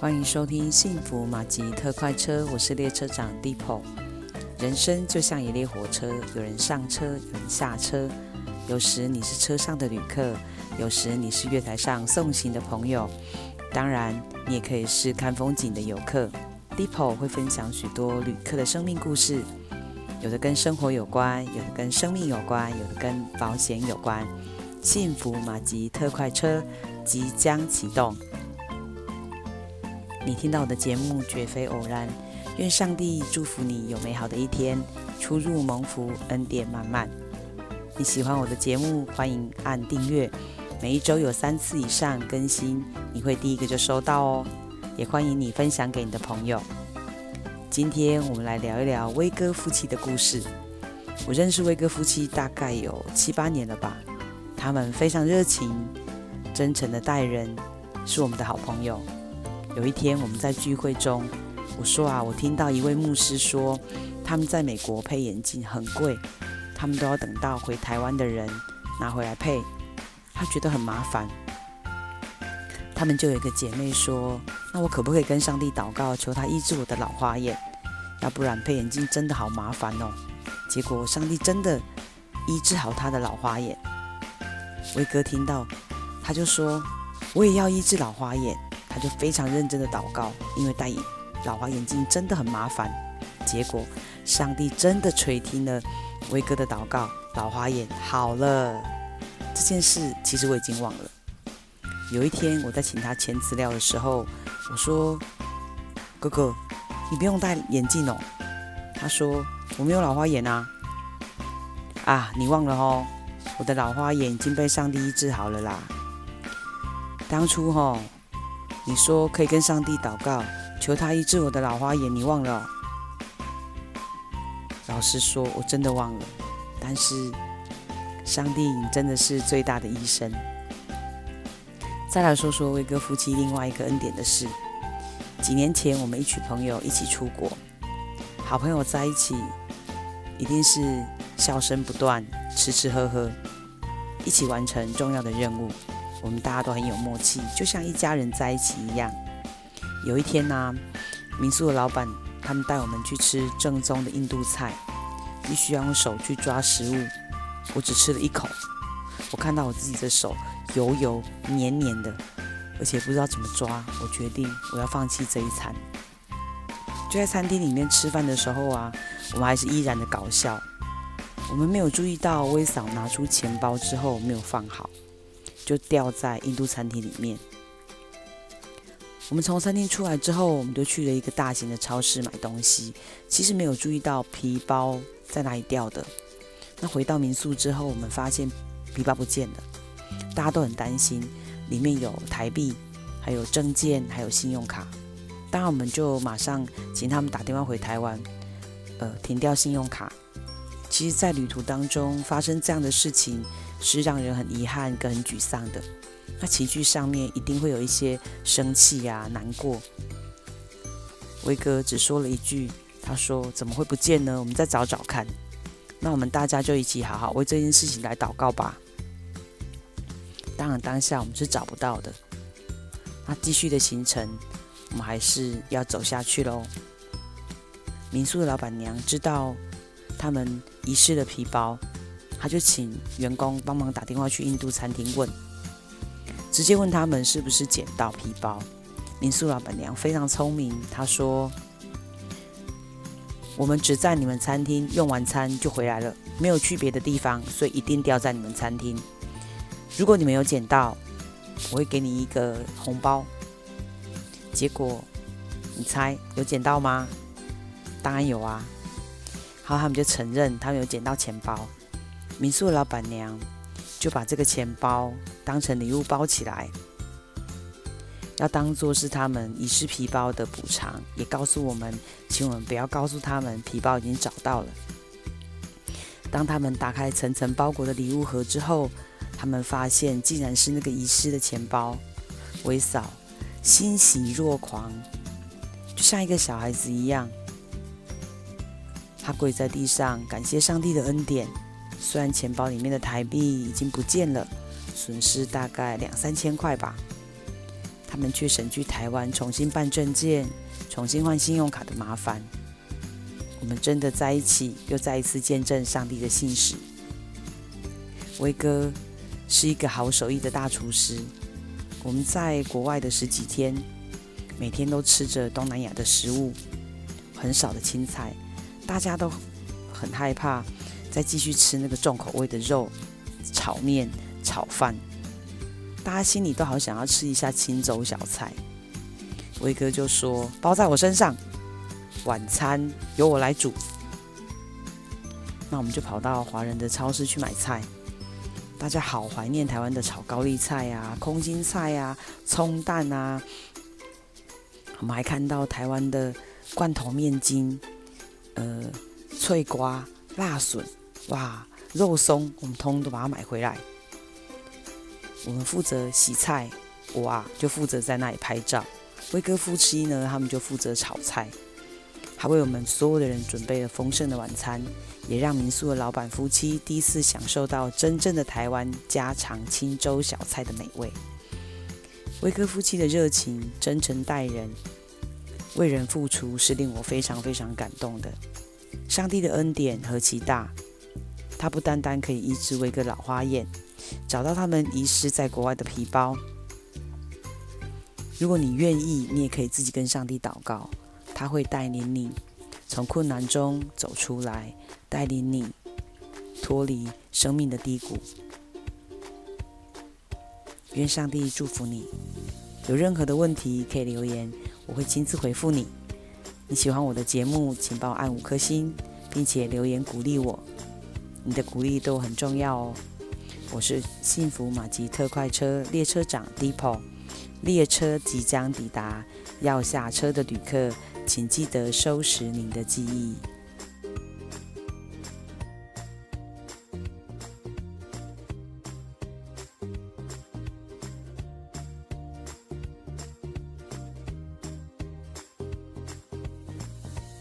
歡迎收聽《幸福馬吉特快車》，我是列車長 d e p o。人生就像一列火車，有人上車，有人下車。有時你是車上的旅客，有時你是月台上送行的朋友，當然，你也可以是看風景的遊客。d e p o 會分享許多旅客的生命故事，有的跟生活有關，有的跟生命有關，有的跟保險有關。幸福馬吉特快車即將啟動。你聽到我的節目絕非偶然，願上帝祝福你有美好的一天，出入蒙福，恩典滿滿。你喜歡我的節目，歡迎按訂閱，每一周有三次以上更新，你會第一個就收到哦。也歡迎你分享給你的朋友。今天我們來聊一聊威哥夫妻的故事。我認識威哥夫妻大概有七八年了吧，他們非常熱情，真誠的待人，是我們的好朋友。有一天我們在聚會中，我說啊，我聽到一位牧師說，他們在美國配眼鏡很貴，他們都要等到回台灣的人拿回來配，他覺得很麻煩。他們就有一個姐妹說，那我可不可以跟上帝禱告，求他醫治我的老花眼？要不然配眼鏡真的好麻煩哦。結果上帝真的醫治好他的老花眼。威哥聽到，他就說，我也要醫治老花眼。他就非常認真的禱告，因為戴老花眼鏡真的很麻煩。結果，上帝真的垂聽了威哥的禱告，老花眼好了。這件事其實我已經忘了。有一天我在請他簽資料的時候，我說：“哥哥，你不用戴眼鏡哦。”他說：“我沒有老花眼啊。”“啊，你忘了哦，我的老花眼已經被上帝醫治好了啦。當初哈、哦。”你說可以跟上帝禱告，求他醫治我的老花眼。你忘了哦？老實說，我真的忘了。但是，上帝真的是最大的醫生。再來說說威哥夫妻另外一個恩典的事。幾年前，我們一群朋友一起出國，好朋友在一起，一定是笑聲不斷，吃吃喝喝，一起完成重要的任務。我們大家都很有默契，就像一家人在一起一樣。有一天呢、啊，民宿的老闆他們帶我們去吃正宗的印度菜，必須要用手去抓食物。我只吃了一口，我看到我自己的手油油黏黏的，而且不知道怎麼抓，我決定我要放棄這一餐。就在餐廳裡面吃飯的時候啊，我們還是依然的搞笑。我們沒有注意到威嫂拿出錢包之後沒有放好。就掉在印度餐廳裡面。我們從餐廳出來之後，我們就去了一個大型的超市買東西。其實沒有注意到皮包在哪裡掉的。那回到民宿之後，我們發現皮包不見了，大家都很擔心，裡面有台幣、還有證件、還有信用卡。當然，我們就馬上請他們打電話回台灣，呃，停掉信用卡。其實，在旅途當中發生這樣的事情。是讓人很遺憾跟很沮喪的，那情緒上面一定會有一些生氣啊、難過。威哥只說了一句，他說：“怎麼會不見呢？我們再找找看。”那我們大家就一起好好為這件事情來禱告吧。當然當下我們是找不到的，那繼續的行程我們還是要走下去嘍。民宿的老闆娘知道他們遺失的皮包。他就請員工幫忙打電話去印度餐廳問，直接問他們是不是撿到皮包。民宿老板娘非常聰明，她說：“我們只在你們餐廳用完餐就回來了，沒有去別的地方，所以一定掉在你們餐廳。如果你們有撿到，我會給你一個紅包。”結果，你猜有撿到嗎？當然有啊！好，他們就承認他們有撿到錢包。民宿的老闆娘就把這個錢包當成禮物包起來，要當做是他們遺失皮包的補償，也告訴我們，請我們不要告訴他們皮包已經找到了。當他們打開層層包裹的禮物盒之後，他們發現竟然是那個遺失的錢包，威嫂欣喜若狂，就像一個小孩子一樣，她跪在地上感謝上帝的恩典。雖然錢包裡面的台幣已經不見了，損失大概兩三千塊吧。他們卻省去台灣重新辦證件、重新換信用卡的麻煩。我們真的在一起，又再一次見證上帝的信實。威哥是一個好手藝的大廚師。我們在國外的十幾天，每天都吃着東南亞的食物，很少的青菜，大家都很害怕。再繼續吃那個重口味的肉、炒麵、炒飯，大家心裡都好想要吃一下清粥小菜。威哥就說：“包在我身上，晚餐由我來煮。”那我們就跑到華人的超市去買菜。大家好懷念台灣的炒高麗菜啊、空心菜啊、蔥蛋啊。我們還看到台灣的罐頭麵筋、呃、脆瓜、辣筍。哇，肉鬆我們通通都把它買回來，我們負責洗菜，我啊就負責在那裡拍照。威哥夫妻呢，他們就負責炒菜，還為我們所有的人準備了豐盛的晚餐，也讓民宿的老闆夫妻第一次享受到真正的台灣家常清粥小菜的美味。威哥夫妻的熱情、真誠待人、為人付出，是令我非常非常感動的。上帝的恩典何其大！他不單單可以醫治為一個老花眼，找到他們遺失在國外的皮包。如果你願意，你也可以自己跟上帝禱告，他會帶領你從困難中走出來，帶領你脫離生命的低谷。願上帝祝福你。有任何的問題可以留言，我會親自回復你。你喜歡我的節目，請幫我按五顆星，並且留言鼓勵我。你的鼓勵都很重要哦。我是幸福馬吉特快車列車長 Depot，列車即將抵達，要下車的旅客，請記得收拾您的記憶。